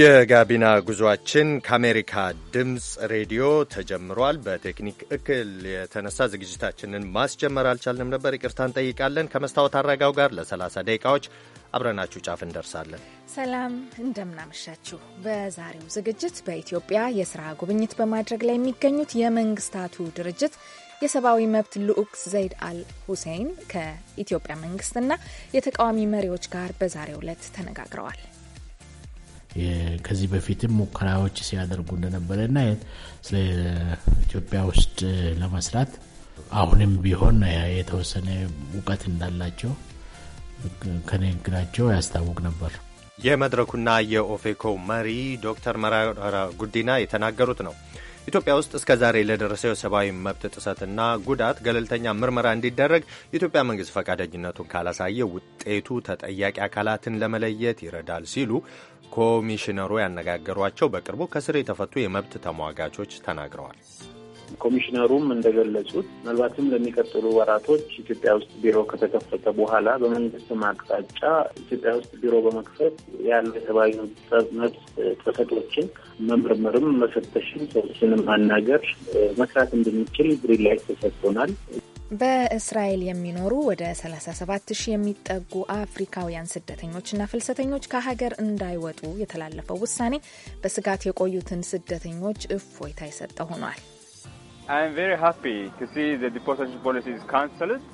የጋቢና ጉዟችን ከአሜሪካ ድምፅ ሬዲዮ ተጀምሯል። በቴክኒክ እክል የተነሳ ዝግጅታችንን ማስጀመር አልቻልንም ነበር። ይቅርታ እንጠይቃለን። ከመስታወት አረጋው ጋር ለ30 ደቂቃዎች አብረናችሁ ጫፍ እንደርሳለን። ሰላም እንደምናመሻችሁ። በዛሬው ዝግጅት በኢትዮጵያ የስራ ጉብኝት በማድረግ ላይ የሚገኙት የመንግስታቱ ድርጅት የሰብአዊ መብት ልዑክ ዘይድ አል ሁሴይን ከኢትዮጵያ መንግስትና የተቃዋሚ መሪዎች ጋር በዛሬው ዕለት ተነጋግረዋል። ከዚህ በፊትም ሙከራዎች ሲያደርጉ እንደነበረና ስለ ኢትዮጵያ ውስጥ ለመስራት አሁንም ቢሆን የተወሰነ እውቀት እንዳላቸው ከንግግራቸው ያስታውቅ ነበር። የመድረኩና የኦፌኮ መሪ ዶክተር መረራ ጉዲና የተናገሩት ነው። ኢትዮጵያ ውስጥ እስከ ዛሬ ለደረሰው የሰብአዊ መብት ጥሰትና ጉዳት ገለልተኛ ምርመራ እንዲደረግ የኢትዮጵያ መንግስት ፈቃደኝነቱን ካላሳየ ውጤቱ ተጠያቂ አካላትን ለመለየት ይረዳል ሲሉ ኮሚሽነሩ ያነጋገሯቸው በቅርቡ ከስር የተፈቱ የመብት ተሟጋቾች ተናግረዋል። ኮሚሽነሩም እንደገለጹት ምናልባትም ለሚቀጥሉ ወራቶች ኢትዮጵያ ውስጥ ቢሮ ከተከፈተ በኋላ በመንግስትም አቅጣጫ ኢትዮጵያ ውስጥ ቢሮ በመክፈት ያለ የሰብአዊ መብት ጥሰቶችን መመርመርም፣ መፈተሽም፣ ሰዎችንም ማናገር መስራት እንድንችል ግሪን ላይት ተሰጥቶናል። በእስራኤል የሚኖሩ ወደ 37 ሺህ የሚጠጉ አፍሪካውያን ስደተኞችና ፍልሰተኞች ከሀገር እንዳይወጡ የተላለፈው ውሳኔ በስጋት የቆዩትን ስደተኞች እፎይታ የሰጠ ሆኗል።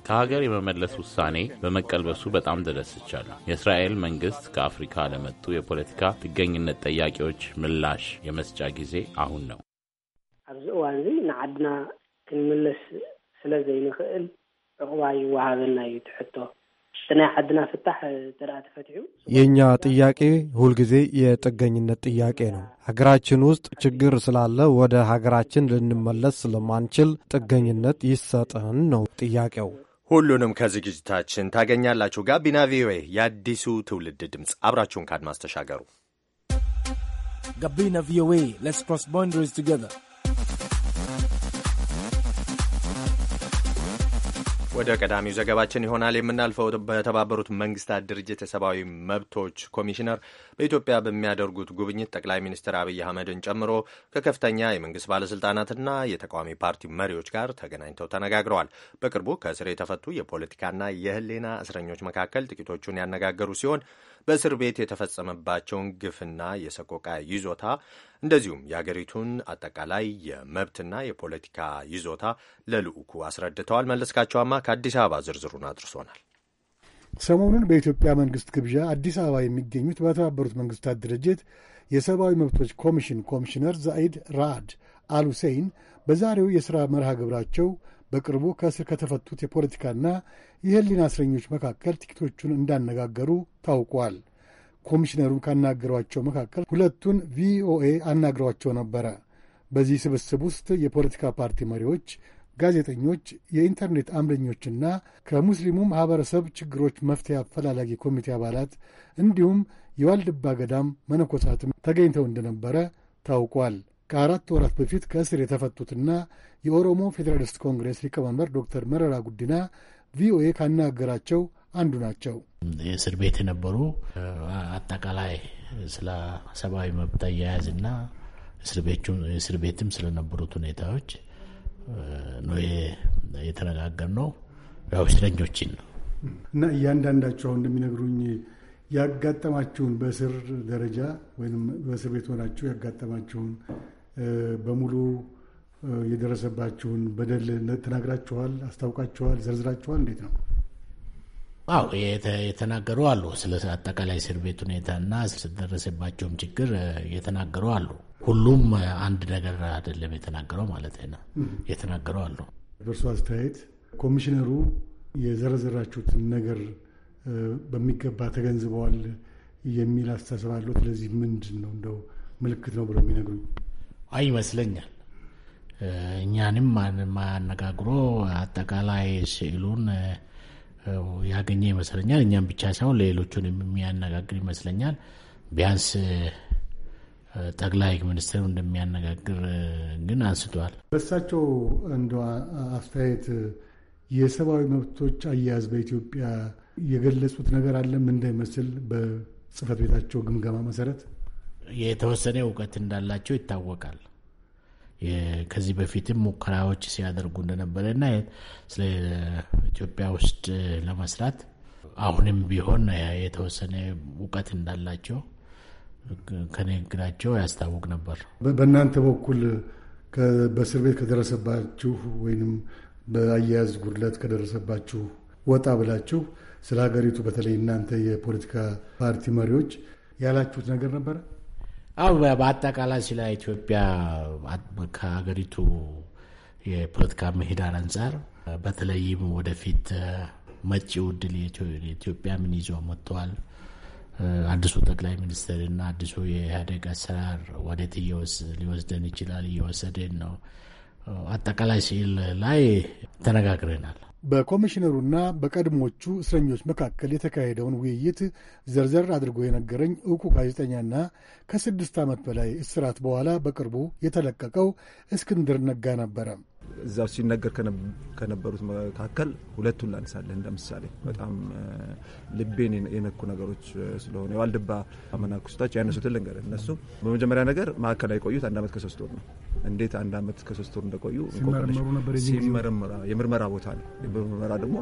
ከሀገር የመመለስ ውሳኔ በመቀልበሱ በጣም ተደስቻለሁ። የእስራኤል መንግስት ከአፍሪካ ለመጡ የፖለቲካ ጥገኝነት ጥያቄዎች ምላሽ የመስጫ ጊዜ አሁን ነው። ኣብዚ እዋን እዚ ንዓድና ክንምለስ ስለ ዘይንኽእል ዕቑባ ይወሃበና እዩ ትሕቶ ናይ ዓድና ፍታሕ ጥርአ ተፈትሑ የእኛ ጥያቄ ሁልጊዜ የጥገኝነት ጥያቄ ነው። ሀገራችን ውስጥ ችግር ስላለ ወደ ሀገራችን ልንመለስ ስለማንችል ጥገኝነት ይሰጠን ነው ጥያቄው። ሁሉንም ከዝግጅታችን ታገኛላችሁ። ጋቢና ቪኦኤ የአዲሱ ትውልድ ድምፅ፣ አብራችሁን ካድማስ ተሻገሩ። ጋቢና ቪኦኤ ሌትስ ክሮስ ባውንደሪስ ቱጌዘር ወደ ቀዳሚው ዘገባችን ይሆናል የምናልፈው። በተባበሩት መንግስታት ድርጅት የሰብአዊ መብቶች ኮሚሽነር በኢትዮጵያ በሚያደርጉት ጉብኝት ጠቅላይ ሚኒስትር አብይ አህመድን ጨምሮ ከከፍተኛ የመንግስት ባለስልጣናትና የተቃዋሚ ፓርቲ መሪዎች ጋር ተገናኝተው ተነጋግረዋል። በቅርቡ ከእስር የተፈቱ የፖለቲካና የህሊና እስረኞች መካከል ጥቂቶቹን ያነጋገሩ ሲሆን በእስር ቤት የተፈጸመባቸውን ግፍና የሰቆቃ ይዞታ እንደዚሁም የአገሪቱን አጠቃላይ የመብትና የፖለቲካ ይዞታ ለልዑኩ አስረድተዋል። መለስካቸዋማ ከአዲስ አበባ ዝርዝሩን አድርሶናል። ሰሞኑን በኢትዮጵያ መንግስት ግብዣ አዲስ አበባ የሚገኙት በተባበሩት መንግስታት ድርጅት የሰብአዊ መብቶች ኮሚሽን ኮሚሽነር ዛኢድ ራአድ አልሁሴይን በዛሬው የሥራ መርሃ ግብራቸው በቅርቡ ከእስር ከተፈቱት የፖለቲካና የህሊና እስረኞች መካከል ጥቂቶቹን እንዳነጋገሩ ታውቋል። ኮሚሽነሩን ካናገሯቸው መካከል ሁለቱን ቪኦኤ አናግሯቸው ነበረ። በዚህ ስብስብ ውስጥ የፖለቲካ ፓርቲ መሪዎች፣ ጋዜጠኞች፣ የኢንተርኔት አምደኞችና ከሙስሊሙ ማኅበረሰብ ችግሮች መፍትሄ አፈላላጊ ኮሚቴ አባላት እንዲሁም የዋልድባ ገዳም መነኮሳትም ተገኝተው እንደነበረ ታውቋል። ከአራት ወራት በፊት ከእስር የተፈቱትና የኦሮሞ ፌዴራሊስት ኮንግሬስ ሊቀመንበር ዶክተር መረራ ጉዲና ቪኦኤ ካናገራቸው አንዱ ናቸው። የእስር ቤት የነበሩ አጠቃላይ ስለ ሰብአዊ መብት አያያዝና እስር ቤትም ስለነበሩት ሁኔታዎች ነው የተነጋገር ነው። ያው እስረኞችን ነው እና እያንዳንዳችሁ አሁን እንደሚነግሩኝ ያጋጠማችሁን በእስር ደረጃ ወይም በእስር ቤት ሆናችሁ ያጋጠማችሁን በሙሉ የደረሰባችሁን በደል ተናግራችኋል፣ አስታውቃችኋል፣ ዘርዝራችኋል? እንዴት ነው? አዎ የተናገሩ አሉ። ስለ አጠቃላይ እስር ቤት ሁኔታና ስለደረሰባቸውም ችግር የተናገሩ አሉ። ሁሉም አንድ ነገር አይደለም የተናገረው ማለት ነው። የተናገሩ አሉ። በእርሱ አስተያየት ኮሚሽነሩ የዘረዘራችሁትን ነገር በሚገባ ተገንዝበዋል የሚል አስተሳሰብ አለው። ስለዚህ ምንድን ነው እንደው ምልክት ነው ብሎ የሚነግሩኝ? አይ ይመስለኛል እኛንም ማነጋግሮ አጠቃላይ ስዕሉን ያገኘ ይመስለኛል። እኛም ብቻ ሳይሆን ሌሎቹን የሚያነጋግር ይመስለኛል። ቢያንስ ጠቅላይ ሚኒስትሩ እንደሚያነጋግር ግን አንስቷል። በእሳቸው እንደ አስተያየት የሰብአዊ መብቶች አያያዝ በኢትዮጵያ የገለጹት ነገር አለም እንዳይመስል በጽህፈት ቤታቸው ግምገማ መሰረት የተወሰነ እውቀት እንዳላቸው ይታወቃል። ከዚህ በፊትም ሙከራዎች ሲያደርጉ እንደነበረ እና ስለ ኢትዮጵያ ውስጥ ለመስራት አሁንም ቢሆን የተወሰነ እውቀት እንዳላቸው ከንግግራቸው ያስታውቅ ነበር። በእናንተ በኩል በእስር ቤት ከደረሰባችሁ ወይም በአያያዝ ጉድለት ከደረሰባችሁ ወጣ ብላችሁ ስለ ሀገሪቱ በተለይ እናንተ የፖለቲካ ፓርቲ መሪዎች ያላችሁት ነገር ነበረ? አሁ በአጠቃላይ ስለ ኢትዮጵያ ከሀገሪቱ የፖለቲካ ምህዳር አንጻር በተለይም ወደፊት መጪው ዕድል የኢትዮጵያ ምን ይዞ መጥተዋል፣ አዲሱ ጠቅላይ ሚኒስትርና አዲሱ የኢህአዴግ አሰራር ወዴት ሊወስደን ይችላል፣ እየወሰደን ነው፣ አጠቃላይ ስዕል ላይ ተነጋግረናል። በኮሚሽነሩና በቀድሞቹ እስረኞች መካከል የተካሄደውን ውይይት ዘርዘር አድርጎ የነገረኝ እውቁ ጋዜጠኛና ከስድስት ዓመት በላይ እስራት በኋላ በቅርቡ የተለቀቀው እስክንድር ነጋ ነበረ። እዛው ሲነገር ከነበሩት መካከል ሁለቱን ላንሳለን። እንደ ምሳሌ በጣም ልቤን የነኩ ነገሮች ስለሆነ የዋልድባ መናኩስታች ያነሱትን ልንገር። እነሱ በመጀመሪያ ነገር ማዕከላዊ ቆዩት አንድ አመት ከሶስት ወር ነው። እንዴት አንድ አመት ከሶስት ወር እንደቆዩ ሲመረመራ የምርመራ ቦታ ነው። የምርመራ ደግሞ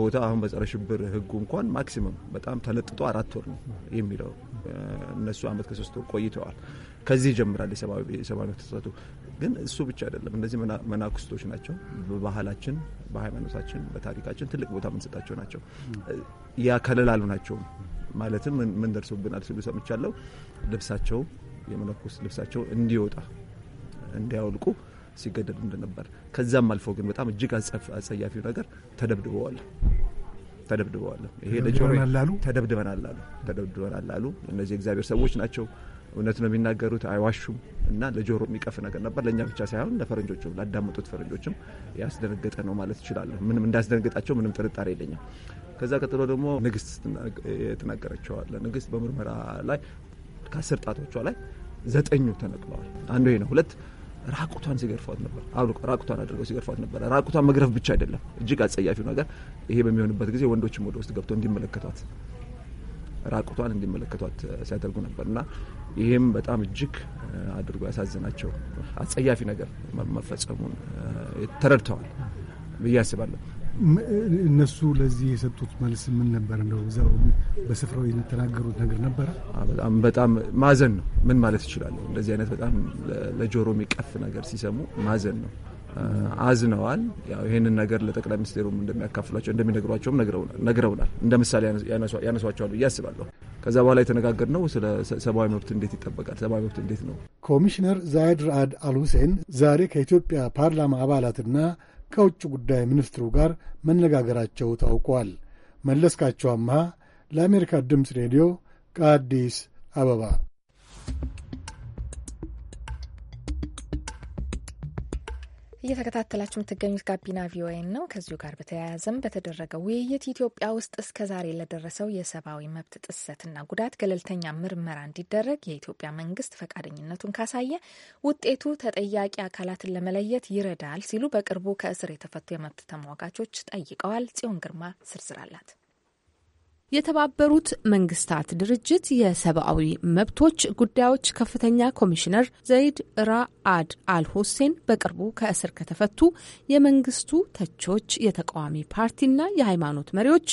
ቦታ አሁን በጸረ ሽብር ህጉ እንኳን ማክሲመም በጣም ተለጥጦ አራት ወር ነው የሚለው እነሱ አመት ከሶስት ወር ቆይተዋል። ከዚህ ይጀምራል የሰብአዊ መብት ጥሰቱ። ግን እሱ ብቻ አይደለም። እነዚህ መናኩስቶች ናቸው። በባህላችን፣ በሃይማኖታችን፣ በታሪካችን ትልቅ ቦታ የምንሰጣቸው ናቸው። ያ ከለላሉ ናቸው ማለትም ምን ደርሶብናል ሲሉ ሰምቻለሁ። ልብሳቸው የመነኮስ ልብሳቸው እንዲወጣ እንዲያወልቁ ሲገደዱ እንደነበር ከዛም አልፎ ግን በጣም እጅግ አጸያፊው ነገር ተደብድበዋል ተደብድበዋል። ይሄ ተደብድበናል አሉ ተደብድበናል አሉ። እነዚህ የእግዚአብሔር ሰዎች ናቸው እውነት ነው የሚናገሩት፣ አይዋሹም እና ለጆሮ የሚቀፍ ነገር ነበር። ለእኛ ብቻ ሳይሆን ለፈረንጆችም፣ ላዳመጡት ፈረንጆችም ያስደነገጠ ነው ማለት እችላለሁ። ምንም እንዳስደነገጣቸው ምንም ጥርጣሬ የለኝም። ከዛ ቀጥሎ ደግሞ ንግስት የተናገረችዋለ። ንግስት በምርመራ ላይ ከአስር ጣቶቿ ላይ ዘጠኙ ተነቅለዋል። አንዱ ይሄ ነው። ሁለት ራቁቷን ሲገርፏት ነበር። አብልቆ ራቁቷን አድርገው ሲገርፏት ነበር። ራቁቷን መግረፍ ብቻ አይደለም፣ እጅግ አጸያፊው ነገር ይሄ በሚሆንበት ጊዜ ወንዶችም ወደ ውስጥ ገብቶ እንዲመለከቷት ራቁቷን እንዲመለከቷት ሲያደርጉ ነበር እና ይህም በጣም እጅግ አድርጎ ያሳዝናቸው አጸያፊ ነገር መፈጸሙን ተረድተዋል ብዬ አስባለሁ። እነሱ ለዚህ የሰጡት መልስ ምን ነበር? እንደው እዛው በስፍራው የተናገሩት ነገር ነበረ። በጣም በጣም ማዘን ነው። ምን ማለት ይችላለሁ? እንደዚህ አይነት በጣም ለጆሮ የሚቀፍ ነገር ሲሰሙ ማዘን ነው። አዝነዋል። ይህንን ነገር ለጠቅላይ ሚኒስትሩም እንደሚያካፍሏቸው እንደሚነግሯቸውም ነግረውናል። እንደ ምሳሌ ያነሷቸዋል ብዬ አስባለሁ። ከዛ በኋላ ነው ስለ ሰብአዊ መብት እንዴት ይጠበቃል፣ ሰብአዊ መብት እንዴት ነው። ኮሚሽነር ዛይድ ራአድ አልሁሴን ዛሬ ከኢትዮጵያ ፓርላማ አባላትና ከውጭ ጉዳይ ሚኒስትሩ ጋር መነጋገራቸው ታውቋል። መለስካቸው አምሃ ለአሜሪካ ድምፅ ሬዲዮ ከአዲስ አበባ እየተከታተላችሁ የምትገኙት ጋቢና ቪኦኤን ነው። ከዚሁ ጋር በተያያዘም በተደረገው ውይይት ኢትዮጵያ ውስጥ እስከ ዛሬ ለደረሰው የሰብአዊ መብት ጥሰትና ጉዳት ገለልተኛ ምርመራ እንዲደረግ የኢትዮጵያ መንግስት ፈቃደኝነቱን ካሳየ ውጤቱ ተጠያቂ አካላትን ለመለየት ይረዳል ሲሉ በቅርቡ ከእስር የተፈቱ የመብት ተሟጋቾች ጠይቀዋል። ጽዮን ግርማ ዝርዝር አላት። የተባበሩት መንግስታት ድርጅት የሰብአዊ መብቶች ጉዳዮች ከፍተኛ ኮሚሽነር ዘይድ ራአድ አል ሁሴን በቅርቡ ከእስር ከተፈቱ የመንግስቱ ተቾች፣ የተቃዋሚ ፓርቲና የሃይማኖት መሪዎች፣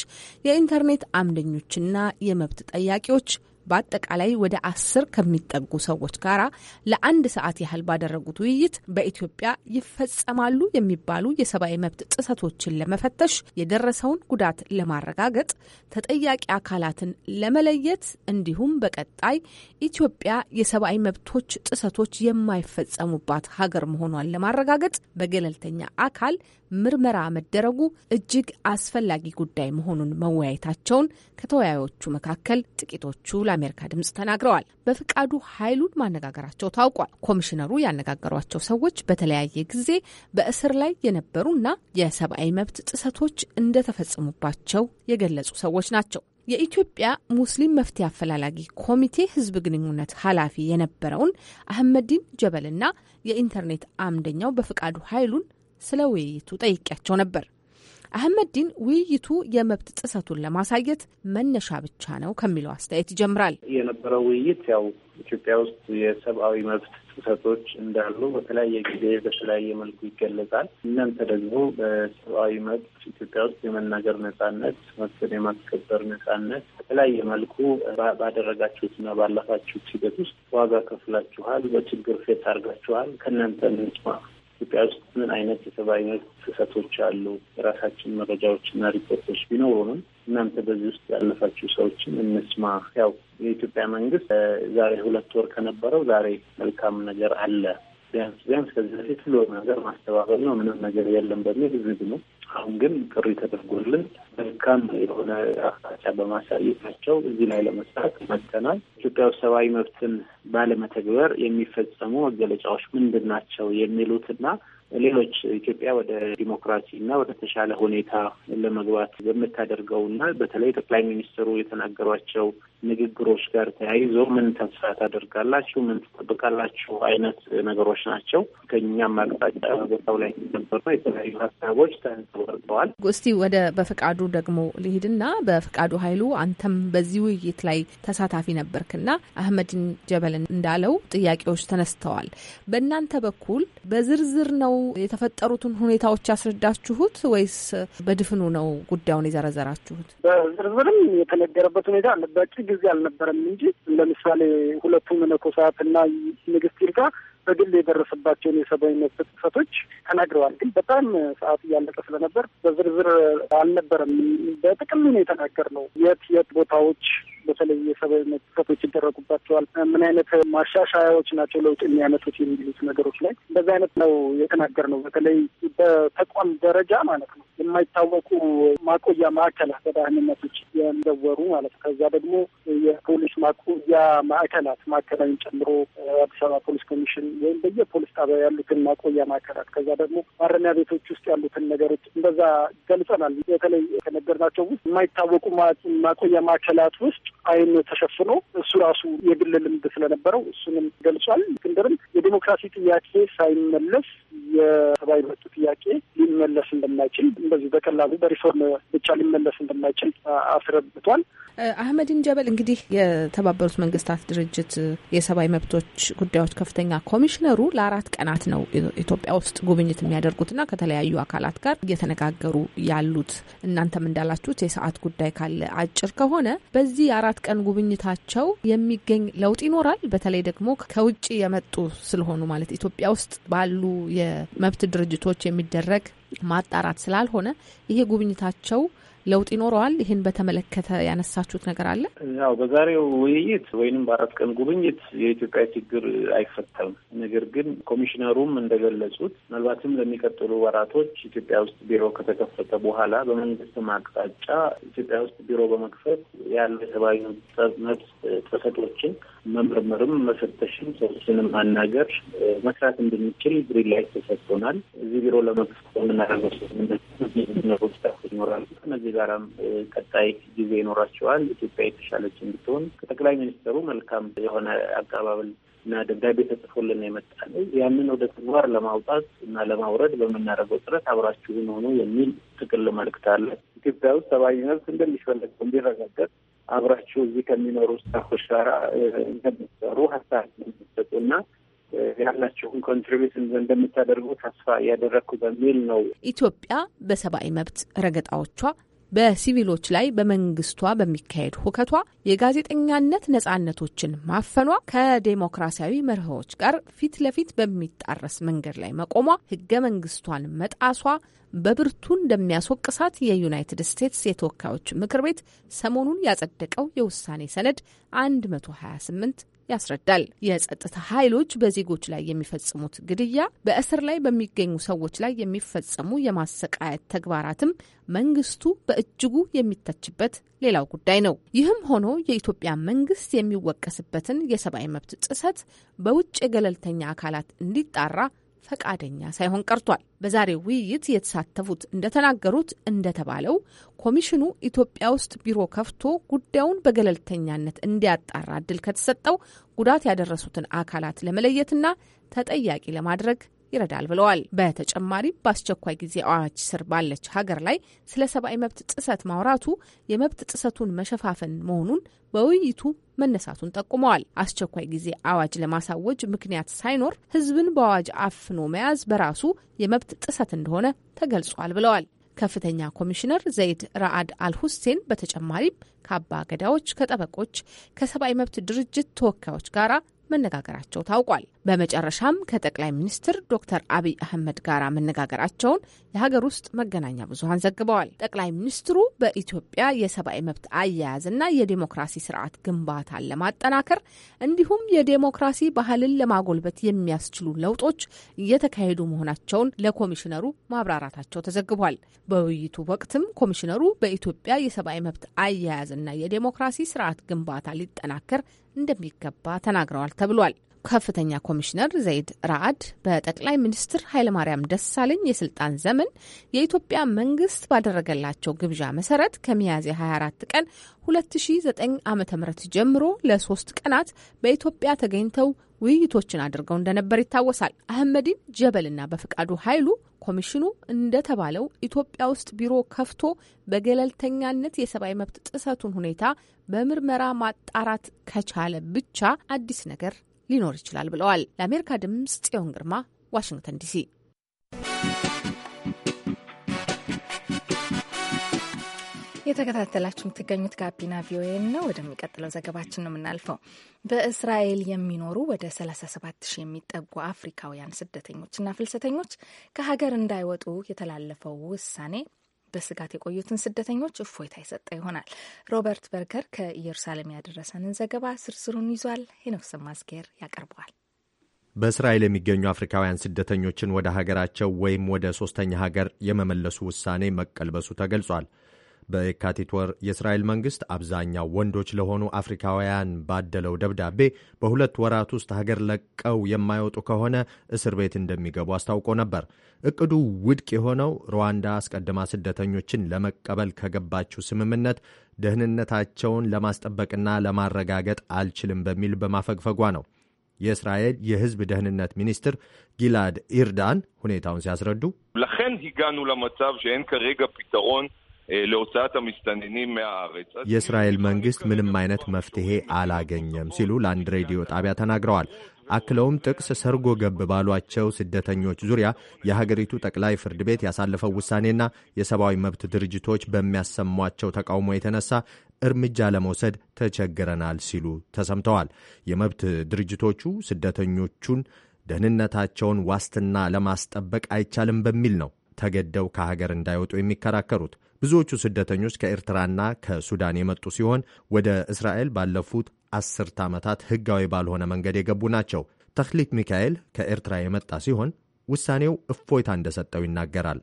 የኢንተርኔት አምደኞችና የመብት ጠያቂዎች በአጠቃላይ ወደ አስር ከሚጠጉ ሰዎች ጋር ለአንድ ሰዓት ያህል ባደረጉት ውይይት በኢትዮጵያ ይፈጸማሉ የሚባሉ የሰብአዊ መብት ጥሰቶችን ለመፈተሽ፣ የደረሰውን ጉዳት ለማረጋገጥ፣ ተጠያቂ አካላትን ለመለየት እንዲሁም በቀጣይ ኢትዮጵያ የሰብአዊ መብቶች ጥሰቶች የማይፈጸሙባት ሀገር መሆኗን ለማረጋገጥ በገለልተኛ አካል ምርመራ መደረጉ እጅግ አስፈላጊ ጉዳይ መሆኑን መወያየታቸውን ከተወያዮቹ መካከል ጥቂቶቹ ለአሜሪካ ድምጽ ተናግረዋል። በፍቃዱ ኃይሉን ማነጋገራቸው ታውቋል። ኮሚሽነሩ ያነጋገሯቸው ሰዎች በተለያየ ጊዜ በእስር ላይ የነበሩና የሰብአዊ መብት ጥሰቶች እንደተፈጸሙባቸው የገለጹ ሰዎች ናቸው። የኢትዮጵያ ሙስሊም መፍትሄ አፈላላጊ ኮሚቴ ህዝብ ግንኙነት ኃላፊ የነበረውን አህመዲን ጀበልና የኢንተርኔት አምደኛው በፍቃዱ ኃይሉን ስለ ውይይቱ ጠይቄያቸው ነበር። ዲን ውይይቱ የመብት ጥሰቱን ለማሳየት መነሻ ብቻ ነው ከሚለው አስተያየት ይጀምራል። የነበረው ውይይት ያው ኢትዮጵያ ውስጥ የሰብአዊ መብት ጥሰቶች እንዳሉ በተለያየ ጊዜ በተለያየ መልኩ ይገለጻል። እናንተ ደግሞ በሰብአዊ መብት ኢትዮጵያ ውስጥ የመናገር ነጻነት፣ መብትን የማስከበር ነጻነት በተለያየ መልኩ ባደረጋችሁት እና ባለፋችሁት ሂደት ውስጥ ዋጋ ከፍላችኋል፣ በችግር ፌት አድርጋችኋል። ከእናንተ እንስማ ኢትዮጵያ ውስጥ ምን አይነት የሰብአዊ መብት ጥሰቶች አሉ? የራሳችን መረጃዎችና ሪፖርቶች ቢኖሩንም እናንተ በዚህ ውስጥ ያለፋችሁ ሰዎችን እንስማ። ያው የኢትዮጵያ መንግስት ዛሬ ሁለት ወር ከነበረው ዛሬ መልካም ነገር አለ። ቢያንስ ቢያንስ ከዚህ በፊት ሁሉ ነገር ማስተባበል ነው ምንም ነገር የለም በሚል ዝግ ነው። አሁን ግን ጥሪ ተደርጎልን መልካም የሆነ አቅጣጫ በማሳየታቸው እዚህ ላይ ለመስራት መጥተናል። ኢትዮጵያ ውስጥ ሰብአዊ መብትን ባለመተግበር የሚፈጸሙ መገለጫዎች ምንድን ናቸው የሚሉትና ሌሎች ኢትዮጵያ ወደ ዲሞክራሲ እና ወደ ተሻለ ሁኔታ ለመግባት በምታደርገው እና በተለይ ጠቅላይ ሚኒስትሩ የተናገሯቸው ንግግሮች ጋር ተያይዞ ምን ተስፋ ታደርጋላችሁ? ምን ትጠብቃላችሁ? አይነት ነገሮች ናቸው። ከኛም አቅጣጫ ቦታው ላይ ነው የተለያዩ ሀሳቦች ተንጸባርቀዋል። እስቲ ወደ በፈቃዱ ደግሞ ልሂድና በፈቃዱ ኃይሉ አንተም በዚህ ውይይት ላይ ተሳታፊ ነበርክና አህመድን ጀበልን እንዳለው ጥያቄዎች ተነስተዋል። በእናንተ በኩል በዝርዝር ነው የተፈጠሩትን ሁኔታዎች ያስረዳችሁት ወይስ በድፍኑ ነው ጉዳዩን የዘረዘራችሁት? በዝርዝርም የተነገረበት ሁኔታ በቂ ጊዜ አልነበረም እንጂ ለምሳሌ ሁለቱ መነኮሳት እና ንግስት ይርጋ በግል የደረሰባቸውን የሰብአዊ መብት ጥሰቶች ተናግረዋል። ግን በጣም ሰዓት እያለቀ ስለነበር በዝርዝር አልነበረም። በጥቅል ነው የተናገር ነው የት የት ቦታዎች በተለይ የሰብአዊ መብት ጥሰቶች ይደረጉባቸዋል፣ ምን አይነት ማሻሻያዎች ናቸው ለውጥ የሚያመጡት የሚሉት ነገሮች ላይ በዛ አይነት ነው ነው። በተለይ በተቋም ደረጃ ማለት ነው የማይታወቁ ማቆያ ማዕከላት በደህንነቶች የሚዘወሩ ማለት ነው። ከዛ ደግሞ የፖሊስ ማቆያ ማዕከላት ማዕከላዊን ጨምሮ አዲስ አበባ ፖሊስ ኮሚሽን ወይም በየፖሊስ ጣቢያ ያሉትን ማቆያ ማዕከላት ከዛ ደግሞ ማረሚያ ቤቶች ውስጥ ያሉትን ነገሮች እንደዛ ገልጸናል። በተለይ ከነገርናቸው ውስጥ የማይታወቁ ማቆያ ማዕከላት ውስጥ አይን ተሸፍኖ እሱ ራሱ የግል ልምድ ስለነበረው እሱንም ገልጿል። እስክንድርም የዲሞክራሲ ጥያቄ ሳይመለስ የሰብአዊ መብት ጥያቄ ሊመለስ እንደማይችል እንደዚህ በቀላሉ በሪፎርም ብቻ ሊመለስ እንደማይችል አስረድቷል። አህመዲን ጀበል እንግዲህ የተባበሩት መንግስታት ድርጅት የሰብአዊ መብቶች ጉዳዮች ከፍተኛ ኮሚሽነሩ ለአራት ቀናት ነው ኢትዮጵያ ውስጥ ጉብኝት የሚያደርጉትና ከተለያዩ አካላት ጋር እየተነጋገሩ ያሉት እናንተም እንዳላችሁት የሰዓት ጉዳይ ካለ አጭር ከሆነ በዚህ አራት የአራት ቀን ጉብኝታቸው የሚገኝ ለውጥ ይኖራል? በተለይ ደግሞ ከውጭ የመጡ ስለሆኑ ማለት ኢትዮጵያ ውስጥ ባሉ የመብት ድርጅቶች የሚደረግ ማጣራት ስላልሆነ ይሄ ጉብኝታቸው ለውጥ ይኖረዋል? ይህን በተመለከተ ያነሳችሁት ነገር አለ? ያው በዛሬው ውይይት ወይንም በአራት ቀን ጉብኝት የኢትዮጵያ ችግር አይፈታም። ነገር ግን ኮሚሽነሩም እንደገለጹት ምናልባትም ለሚቀጥሉ ወራቶች ኢትዮጵያ ውስጥ ቢሮ ከተከፈተ በኋላ በመንግስትም አቅጣጫ ኢትዮጵያ ውስጥ ቢሮ በመክፈት ያለ ሰብአዊ መብት ጥሰቶችን መመርመርም መፈተሽም ሰዎችንም ማናገር መስራት እንድንችል ግሪን ላይት ተሰጥቶናል። እዚህ ቢሮ ለመንግስት የምናደርገው የሚኖሩ ስታፎች ይኖራሉ። ከነዚህ ጋራም ቀጣይ ጊዜ ይኖራቸዋል። ኢትዮጵያ የተሻለች እንድትሆን ከጠቅላይ ሚኒስትሩ መልካም የሆነ አቀባበል እና ደብዳቤ ተጽፎልን የመጣ ያንን ወደ ተግባር ለማውጣት እና ለማውረድ በምናደርገው ጥረት አብራችሁን ሆኖ የሚል ጥቅል መልእክት አለ። ኢትዮጵያ ውስጥ ሰብአዊ መብት እንደሚፈለገው እንዲረጋገጥ አብራችሁ እዚህ ከሚኖሩ ስታፎች ጋራ እንደምትሰሩ ሀሳብ እንደምትሰጡ እና ያላችሁን ኮንትሪቢት እንደምታደርጉ ተስፋ እያደረግኩ በሚል ነው። ኢትዮጵያ በሰብአዊ መብት ረገጣዎቿ በሲቪሎች ላይ በመንግስቷ በሚካሄድ ሁከቷ የጋዜጠኛነት ነጻነቶችን ማፈኗ፣ ከዴሞክራሲያዊ መርሆዎች ጋር ፊት ለፊት በሚጣረስ መንገድ ላይ መቆሟ፣ ህገ መንግስቷን መጣሷ በብርቱ እንደሚያስወቅሳት የዩናይትድ ስቴትስ የተወካዮች ምክር ቤት ሰሞኑን ያጸደቀው የውሳኔ ሰነድ 128 ያስረዳል። የጸጥታ ኃይሎች በዜጎች ላይ የሚፈጽሙት ግድያ፣ በእስር ላይ በሚገኙ ሰዎች ላይ የሚፈጸሙ የማሰቃየት ተግባራትም መንግስቱ በእጅጉ የሚተችበት ሌላው ጉዳይ ነው። ይህም ሆኖ የኢትዮጵያ መንግስት የሚወቀስበትን የሰብአዊ መብት ጥሰት በውጭ የገለልተኛ አካላት እንዲጣራ ፈቃደኛ ሳይሆን ቀርቷል። በዛሬው ውይይት የተሳተፉት እንደተናገሩት እንደተባለው ኮሚሽኑ ኢትዮጵያ ውስጥ ቢሮ ከፍቶ ጉዳዩን በገለልተኛነት እንዲያጣራ እድል ከተሰጠው ጉዳት ያደረሱትን አካላት ለመለየትና ተጠያቂ ለማድረግ ይረዳል ብለዋል። በተጨማሪም በአስቸኳይ ጊዜ አዋጅ ስር ባለች ሀገር ላይ ስለ ሰብአዊ መብት ጥሰት ማውራቱ የመብት ጥሰቱን መሸፋፈን መሆኑን በውይይቱ መነሳቱን ጠቁመዋል። አስቸኳይ ጊዜ አዋጅ ለማሳወጅ ምክንያት ሳይኖር ህዝብን በአዋጅ አፍኖ መያዝ በራሱ የመብት ጥሰት እንደሆነ ተገልጿል ብለዋል። ከፍተኛ ኮሚሽነር ዘይድ ራአድ አልሁሴን በተጨማሪም ከአባ ገዳዎች፣ ከጠበቆች፣ ከሰብአዊ መብት ድርጅት ተወካዮች ጋር መነጋገራቸው ታውቋል። በመጨረሻም ከጠቅላይ ሚኒስትር ዶክተር አብይ አህመድ ጋር መነጋገራቸውን የሀገር ውስጥ መገናኛ ብዙኃን ዘግበዋል። ጠቅላይ ሚኒስትሩ በኢትዮጵያ የሰብአዊ መብት አያያዝና የዴሞክራሲ ስርዓት ግንባታን ለማጠናከር እንዲሁም የዴሞክራሲ ባህልን ለማጎልበት የሚያስችሉ ለውጦች እየተካሄዱ መሆናቸውን ለኮሚሽነሩ ማብራራታቸው ተዘግቧል። በውይይቱ ወቅትም ኮሚሽነሩ በኢትዮጵያ የሰብአዊ መብት አያያዝና የዴሞክራሲ ስርዓት ግንባታ ሊጠናከር እንደሚገባ ተናግረዋል ተብሏል። ከፍተኛ ኮሚሽነር ዘይድ ራአድ በጠቅላይ ሚኒስትር ኃይለማርያም ደሳለኝ የስልጣን ዘመን የኢትዮጵያ መንግስት ባደረገላቸው ግብዣ መሰረት ከሚያዝያ 24 ቀን 2009 ዓ ም ጀምሮ ለሶስት ቀናት በኢትዮጵያ ተገኝተው ውይይቶችን አድርገው እንደነበር ይታወሳል። አህመዲን ጀበልና በፍቃዱ ኃይሉ ኮሚሽኑ እንደተባለው ኢትዮጵያ ውስጥ ቢሮ ከፍቶ በገለልተኛነት የሰብአዊ መብት ጥሰቱን ሁኔታ በምርመራ ማጣራት ከቻለ ብቻ አዲስ ነገር ሊኖር ይችላል ብለዋል። ለአሜሪካ ድምፅ ጽዮን ግርማ፣ ዋሽንግተን ዲሲ። የተከታተላችሁ የምትገኙት ጋቢና ቪኦኤ ነው። ወደሚቀጥለው ዘገባችን ነው የምናልፈው። በእስራኤል የሚኖሩ ወደ 37 ሺህ የሚጠጉ አፍሪካውያን ስደተኞችና ፍልሰተኞች ከሀገር እንዳይወጡ የተላለፈው ውሳኔ በስጋት የቆዩትን ስደተኞች እፎይታ የሰጠ ይሆናል። ሮበርት በርገር ከኢየሩሳሌም ያደረሰንን ዘገባ ዝርዝሩን ይዟል። የነፍስ ማዝጌር ያቀርበዋል። በእስራኤል የሚገኙ አፍሪካውያን ስደተኞችን ወደ ሀገራቸው ወይም ወደ ሶስተኛ ሀገር የመመለሱ ውሳኔ መቀልበሱ ተገልጿል። በየካቲት ወር የእስራኤል መንግሥት አብዛኛው ወንዶች ለሆኑ አፍሪካውያን ባደለው ደብዳቤ በሁለት ወራት ውስጥ ሀገር ለቀው የማይወጡ ከሆነ እስር ቤት እንደሚገቡ አስታውቆ ነበር። እቅዱ ውድቅ የሆነው ሩዋንዳ አስቀድማ ስደተኞችን ለመቀበል ከገባችው ስምምነት ደህንነታቸውን ለማስጠበቅና ለማረጋገጥ አልችልም በሚል በማፈግፈጓ ነው። የእስራኤል የሕዝብ ደህንነት ሚኒስትር ጊላድ ኢርዳን ሁኔታውን ሲያስረዱ ለኸን ሂጋኑ ለመጻብ ሸን ከሬጋ ፒተሮን ለውጣት המסתננים מהארץ. የእስራኤል መንግስት ምንም አይነት መፍትሄ አላገኘም ሲሉ ለአንድ ሬዲዮ ጣቢያ ተናግረዋል። አክለውም ጥቅስ ሰርጎ ገብ ባሏቸው ስደተኞች ዙሪያ የሀገሪቱ ጠቅላይ ፍርድ ቤት ያሳለፈው ውሳኔና የሰብአዊ መብት ድርጅቶች በሚያሰሟቸው ተቃውሞ የተነሳ እርምጃ ለመውሰድ ተቸግረናል ሲሉ ተሰምተዋል። የመብት ድርጅቶቹ ስደተኞቹን ደህንነታቸውን ዋስትና ለማስጠበቅ አይቻልም በሚል ነው ተገደው ከሀገር እንዳይወጡ የሚከራከሩት። ብዙዎቹ ስደተኞች ከኤርትራና ከሱዳን የመጡ ሲሆን ወደ እስራኤል ባለፉት አስርተ ዓመታት ሕጋዊ ባልሆነ መንገድ የገቡ ናቸው። ተክሊት ሚካኤል ከኤርትራ የመጣ ሲሆን ውሳኔው እፎይታ እንደሰጠው ይናገራል።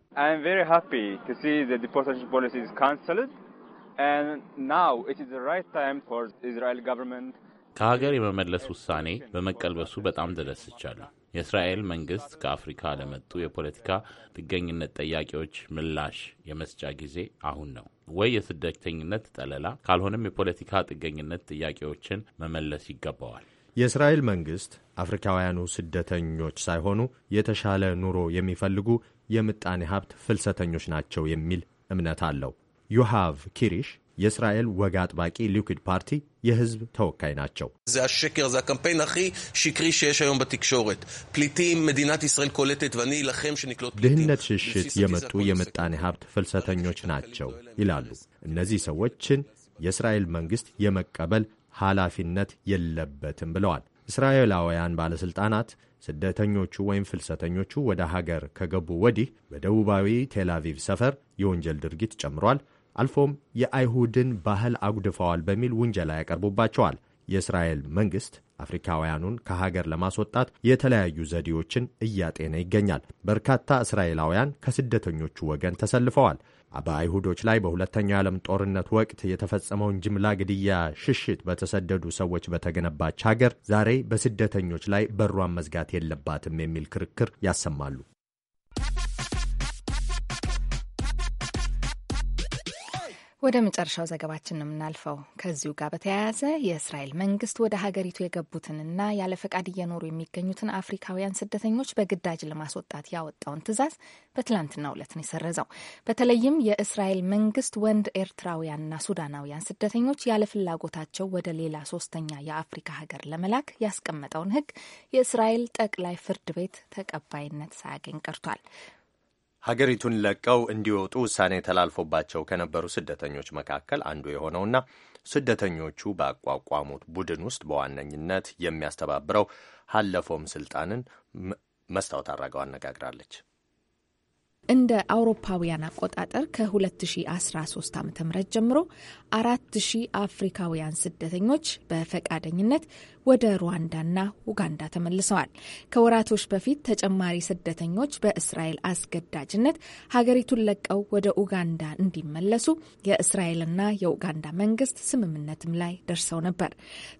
ከሀገር የመመለስ ውሳኔ በመቀልበሱ በጣም ተደስቻለሁ። የእስራኤል መንግስት ከአፍሪካ ለመጡ የፖለቲካ ጥገኝነት ጠያቂዎች ምላሽ የመስጫ ጊዜ አሁን ነው። ወይ የስደተኝነት ጠለላ ካልሆነም የፖለቲካ ጥገኝነት ጥያቄዎችን መመለስ ይገባዋል። የእስራኤል መንግስት አፍሪካውያኑ ስደተኞች ሳይሆኑ የተሻለ ኑሮ የሚፈልጉ የምጣኔ ሀብት ፍልሰተኞች ናቸው የሚል እምነት አለው። ዮሃቭ ኪሪሽ የእስራኤል ወግ አጥባቂ ሊኩድ ፓርቲ የህዝብ ተወካይ ናቸው። זה השקר, זה ካምፔን הכי ሽክሪ שיש היום በትክሾረት פליטים, መዲናት ישראל קולטת ወኒ אלחם שנקלוט פליטים. ድህነት ሽሽት የመጡ የምጣኔ ሀብት ፍልሰተኞች ናቸው ይላሉ። እነዚህ ሰዎችን የእስራኤል መንግስት የመቀበል ኃላፊነት የለበትም ብለዋል። እስራኤላውያን ባለሥልጣናት ስደተኞቹ ወይም ፍልሰተኞቹ ወደ ሀገር ከገቡ ወዲህ በደቡባዊ ቴላቪቭ ሰፈር የወንጀል ድርጊት ጨምሯል አልፎም የአይሁድን ባህል አጉድፈዋል በሚል ውንጀላ ያቀርቡባቸዋል። የእስራኤል መንግሥት አፍሪካውያኑን ከሀገር ለማስወጣት የተለያዩ ዘዴዎችን እያጤነ ይገኛል። በርካታ እስራኤላውያን ከስደተኞቹ ወገን ተሰልፈዋል። በአይሁዶች ላይ በሁለተኛው የዓለም ጦርነት ወቅት የተፈጸመውን ጅምላ ግድያ ሽሽት በተሰደዱ ሰዎች በተገነባች ሀገር ዛሬ በስደተኞች ላይ በሯን መዝጋት የለባትም የሚል ክርክር ያሰማሉ። ወደ መጨረሻው ዘገባችን ነው የምናልፈው። ከዚሁ ጋር በተያያዘ የእስራኤል መንግስት ወደ ሀገሪቱ የገቡትንና ያለ ፈቃድ እየኖሩ የሚገኙትን አፍሪካውያን ስደተኞች በግዳጅ ለማስወጣት ያወጣውን ትዕዛዝ በትላንትናው ዕለት ነው የሰረዘው። በተለይም የእስራኤል መንግስት ወንድ ኤርትራውያንና ሱዳናውያን ስደተኞች ያለ ፍላጎታቸው ወደ ሌላ ሶስተኛ የአፍሪካ ሀገር ለመላክ ያስቀመጠውን ህግ የእስራኤል ጠቅላይ ፍርድ ቤት ተቀባይነት ሳያገኝ ቀርቷል። ሀገሪቱን ለቀው እንዲወጡ ውሳኔ ተላልፎባቸው ከነበሩ ስደተኞች መካከል አንዱ የሆነውና ስደተኞቹ ባቋቋሙት ቡድን ውስጥ በዋነኝነት የሚያስተባብረው ሀለፎም ስልጣንን መስታወት አድራገው አነጋግራለች። እንደ አውሮፓውያን አቆጣጠር ከ2013 ዓ ም ጀምሮ 4000 አፍሪካውያን ስደተኞች በፈቃደኝነት ወደ ሩዋንዳና ኡጋንዳ ተመልሰዋል። ከወራቶች በፊት ተጨማሪ ስደተኞች በእስራኤል አስገዳጅነት ሀገሪቱን ለቀው ወደ ኡጋንዳ እንዲመለሱ የእስራኤልና የኡጋንዳ መንግስት ስምምነትም ላይ ደርሰው ነበር።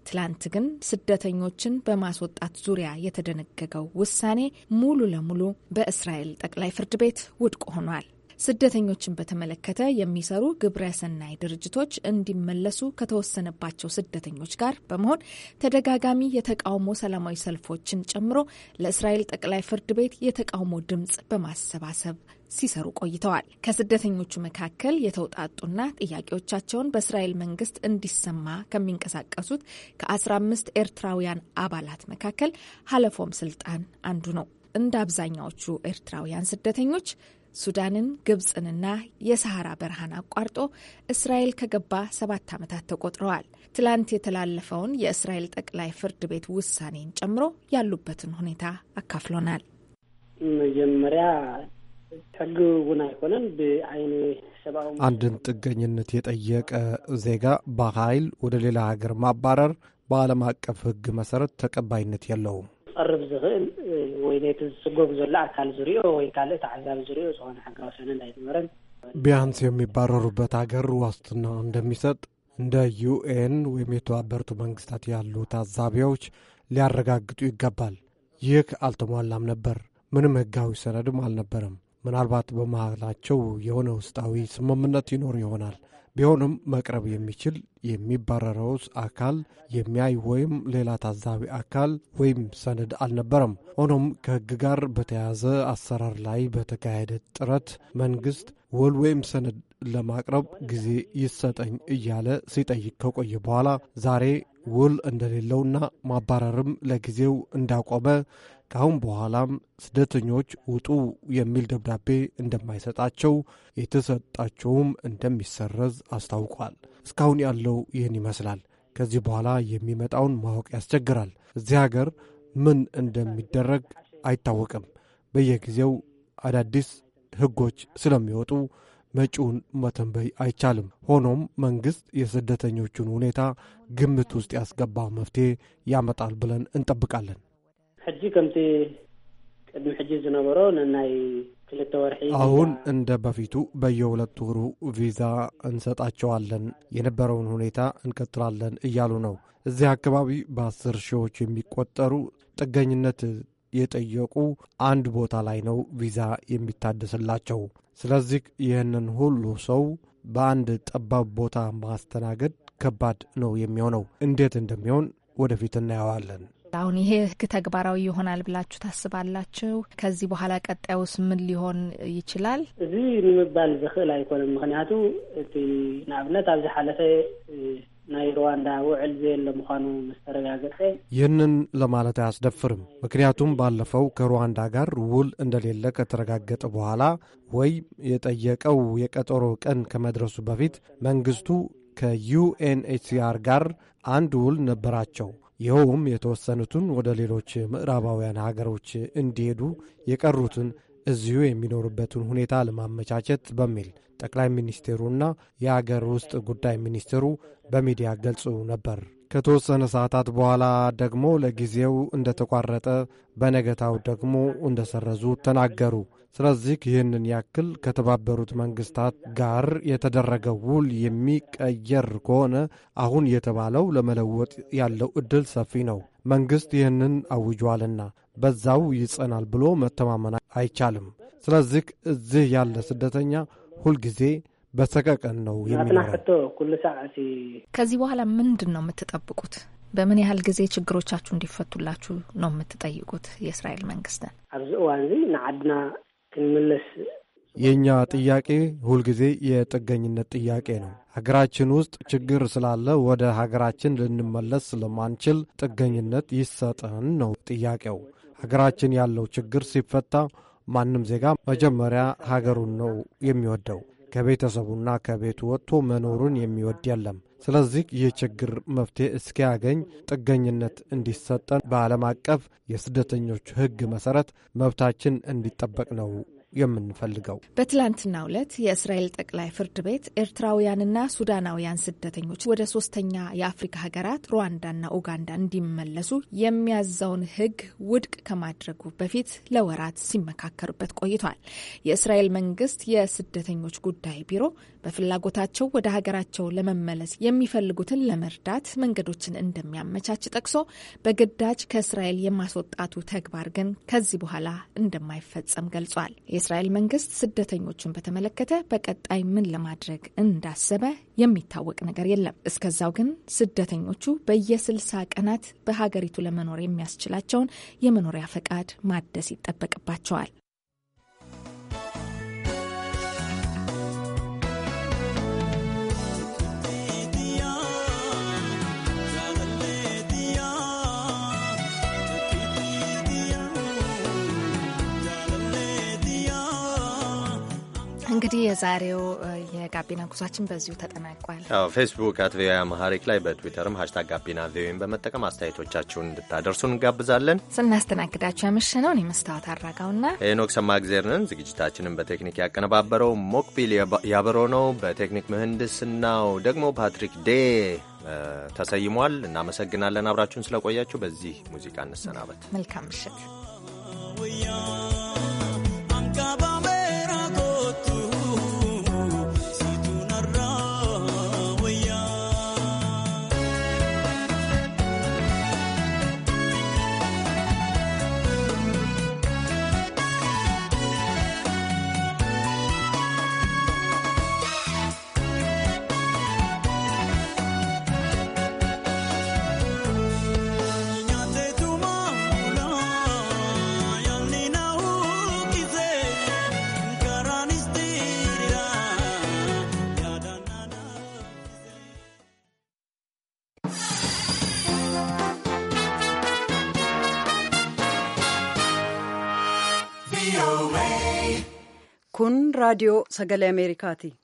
ትላንት ግን ስደተኞችን በማስወጣት ዙሪያ የተደነገገው ውሳኔ ሙሉ ለሙሉ በእስራኤል ጠቅላይ ፍርድ ቤት ውድቅ ሆኗል። ስደተኞችን በተመለከተ የሚሰሩ ግብረ ሰናይ ድርጅቶች እንዲመለሱ ከተወሰነባቸው ስደተኞች ጋር በመሆን ተደጋጋሚ የተቃውሞ ሰላማዊ ሰልፎችን ጨምሮ ለእስራኤል ጠቅላይ ፍርድ ቤት የተቃውሞ ድምጽ በማሰባሰብ ሲሰሩ ቆይተዋል። ከስደተኞቹ መካከል የተውጣጡና ጥያቄዎቻቸውን በእስራኤል መንግስት እንዲሰማ ከሚንቀሳቀሱት ከ15 ኤርትራውያን አባላት መካከል ሀለፎም ስልጣን አንዱ ነው። እንደ አብዛኛዎቹ ኤርትራውያን ስደተኞች ሱዳንን፣ ግብፅንና የሰሐራ በረሃን አቋርጦ እስራኤል ከገባ ሰባት ዓመታት ተቆጥረዋል። ትላንት የተላለፈውን የእስራኤል ጠቅላይ ፍርድ ቤት ውሳኔን ጨምሮ ያሉበትን ሁኔታ አካፍሎናል። መጀመሪያ ሕልውና አይሆነን በአይን አንድን ጥገኝነት የጠየቀ ዜጋ በኃይል ወደ ሌላ ሀገር ማባረር በዓለም አቀፍ ሕግ መሰረት ተቀባይነት የለውም። ክቐርብ ዝኽእል ወይ ነቲ ዝስጎብ ዘሎ ኣካል ዝሪኦ ወይ ካልእቲ ዓዛብ ዝሪኦ ዝኾነ ሓጋዊ ሰነድ ኣይነበረን ቢያንስ የሚባረሩበት ሃገር ዋስትና እንደሚሰጥ እንደ ዩኤን ወይም የተባበሩት መንግስታት ያሉ ታዛቢዎች ሊያረጋግጡ ይገባል። ይህ አልተሟላም ነበር። ምንም ህጋዊ ሰነድም አልነበረም። ምናልባት በመሃላቸው የሆነ ውስጣዊ ስምምነት ይኖር ይሆናል። ቢሆንም መቅረብ የሚችል የሚባረረውስ አካል የሚያይ ወይም ሌላ ታዛቢ አካል ወይም ሰነድ አልነበረም። ሆኖም ከሕግ ጋር በተያያዘ አሰራር ላይ በተካሄደ ጥረት መንግስት ውል ወይም ሰነድ ለማቅረብ ጊዜ ይሰጠኝ እያለ ሲጠይቅ ከቆየ በኋላ ዛሬ ውል እንደሌለውና ማባረርም ለጊዜው እንዳቆመ ከአሁን በኋላም ስደተኞች ውጡ የሚል ደብዳቤ እንደማይሰጣቸው የተሰጣቸውም እንደሚሰረዝ አስታውቋል። እስካሁን ያለው ይህን ይመስላል። ከዚህ በኋላ የሚመጣውን ማወቅ ያስቸግራል። እዚህ ሀገር ምን እንደሚደረግ አይታወቅም። በየጊዜው አዳዲስ ሕጎች ስለሚወጡ መጪውን መተንበይ አይቻልም። ሆኖም መንግሥት የስደተኞቹን ሁኔታ ግምት ውስጥ ያስገባ መፍትሄ ያመጣል ብለን እንጠብቃለን። ሕጂ ከምቲ ቅድሚ ሕጂ ዝነበሮ ንናይ ክልተ ወርሒ አሁን እንደ በፊቱ በየሁለት ወሩ ቪዛ እንሰጣቸዋለን፣ የነበረውን ሁኔታ እንቀጥላለን እያሉ ነው። እዚህ አካባቢ በአስር ሺዎች የሚቆጠሩ ጥገኝነት የጠየቁ አንድ ቦታ ላይ ነው ቪዛ የሚታደስላቸው። ስለዚህ ይህንን ሁሉ ሰው በአንድ ጠባብ ቦታ ማስተናገድ ከባድ ነው የሚሆነው። እንዴት እንደሚሆን ወደፊት እናየዋለን። አሁን ይሄ ህግ ተግባራዊ ይሆናል ብላችሁ ታስባላችሁ? ከዚህ በኋላ ቀጣዩስ ምን ሊሆን ይችላል? እዚ ንምባል ዝኽእል ኣይኮነን። ምክንያቱ እቲ ንኣብነት ኣብዚ ሓለፈ ናይ ሩዋንዳ ውዕል ዘየለ ምዃኑ ምስ ተረጋገፀ ይህንን ለማለት አያስደፍርም። ምክንያቱም ባለፈው ከሩዋንዳ ጋር ውል እንደሌለ ከተረጋገጠ በኋላ ወይ የጠየቀው የቀጠሮ ቀን ከመድረሱ በፊት መንግስቱ ከዩኤንኤችሲአር ጋር አንድ ውል ነበራቸው። ይኸውም የተወሰኑትን ወደ ሌሎች ምዕራባውያን ሀገሮች እንዲሄዱ የቀሩትን እዚሁ የሚኖሩበትን ሁኔታ ለማመቻቸት በሚል ጠቅላይ ሚኒስቴሩና የአገር ውስጥ ጉዳይ ሚኒስቴሩ በሚዲያ ገልጹ ነበር። ከተወሰነ ሰዓታት በኋላ ደግሞ ለጊዜው እንደተቋረጠ፣ በነገታው ደግሞ እንደሰረዙ ተናገሩ። ስለዚህ ይህንን ያክል ከተባበሩት መንግስታት ጋር የተደረገ ውል የሚቀየር ከሆነ አሁን የተባለው ለመለወጥ ያለው ዕድል ሰፊ ነው። መንግሥት ይህንን አውጇልና በዛው ይጸናል ብሎ መተማመን አይቻልም። ስለዚህ እዚህ ያለ ስደተኛ ሁልጊዜ በሰቀቀን ነው ከዚህ በኋላ ምንድን ነው የምትጠብቁት? በምን ያህል ጊዜ ችግሮቻችሁ እንዲፈቱላችሁ ነው የምትጠይቁት የእስራኤል መንግስትን? ኣብዚ እዋን እዚ ንዓድና ክንምለስ የእኛ ጥያቄ ሁልጊዜ የጥገኝነት ጥያቄ ነው። ሀገራችን ውስጥ ችግር ስላለ ወደ ሀገራችን ልንመለስ ስለማንችል ጥገኝነት ይሰጠን ነው ጥያቄው። ሀገራችን ያለው ችግር ሲፈታ ማንም ዜጋ መጀመሪያ ሀገሩን ነው የሚወደው። ከቤተሰቡና ከቤቱ ወጥቶ መኖሩን የሚወድ የለም። ስለዚህ ይህ ችግር መፍትሄ እስኪያገኝ ጥገኝነት እንዲሰጠን በዓለም አቀፍ የስደተኞች ሕግ መሠረት መብታችን እንዲጠበቅ ነው የምንፈልገው። በትላንትናው ዕለት የእስራኤል ጠቅላይ ፍርድ ቤት ኤርትራውያንና ሱዳናውያን ስደተኞች ወደ ሶስተኛ የአፍሪካ ሀገራት ሩዋንዳና ኡጋንዳ እንዲመለሱ የሚያዘውን ሕግ ውድቅ ከማድረጉ በፊት ለወራት ሲመካከሩበት ቆይቷል። የእስራኤል መንግስት የስደተኞች ጉዳይ ቢሮ በፍላጎታቸው ወደ ሀገራቸው ለመመለስ የሚፈልጉትን ለመርዳት መንገዶችን እንደሚያመቻች ጠቅሶ በግዳጅ ከእስራኤል የማስወጣቱ ተግባር ግን ከዚህ በኋላ እንደማይፈጸም ገልጿል። የእስራኤል መንግስት ስደተኞቹን በተመለከተ በቀጣይ ምን ለማድረግ እንዳሰበ የሚታወቅ ነገር የለም። እስከዛው ግን ስደተኞቹ በየስልሳ ቀናት በሀገሪቱ ለመኖር የሚያስችላቸውን የመኖሪያ ፈቃድ ማደስ ይጠበቅባቸዋል። እንግዲህ የዛሬው የጋቢና ጉዟችን በዚሁ ተጠናቋል። ፌስቡክ አት ቪኦኤ አማሃሪክ ላይ በትዊተርም ሀሽታግ ጋቢና ቪኦኤን በመጠቀም አስተያየቶቻችሁን እንድታደርሱ እንጋብዛለን። ስናስተናግዳችሁ ያመሸነው እኔ መስታወት አራጋውና ሄኖክ ሰማእግዜር ነን። ዝግጅታችንን በቴክኒክ ያቀነባበረው ሞክቢል ያበሮ ነው። በቴክኒክ ምህንድስናው ደግሞ ፓትሪክ ዴ ተሰይሟል። እናመሰግናለን አብራችሁን ስለቆያችሁ። በዚህ ሙዚቃ እንሰናበት። መልካም ምሽት። radio sagalee Amerikaati.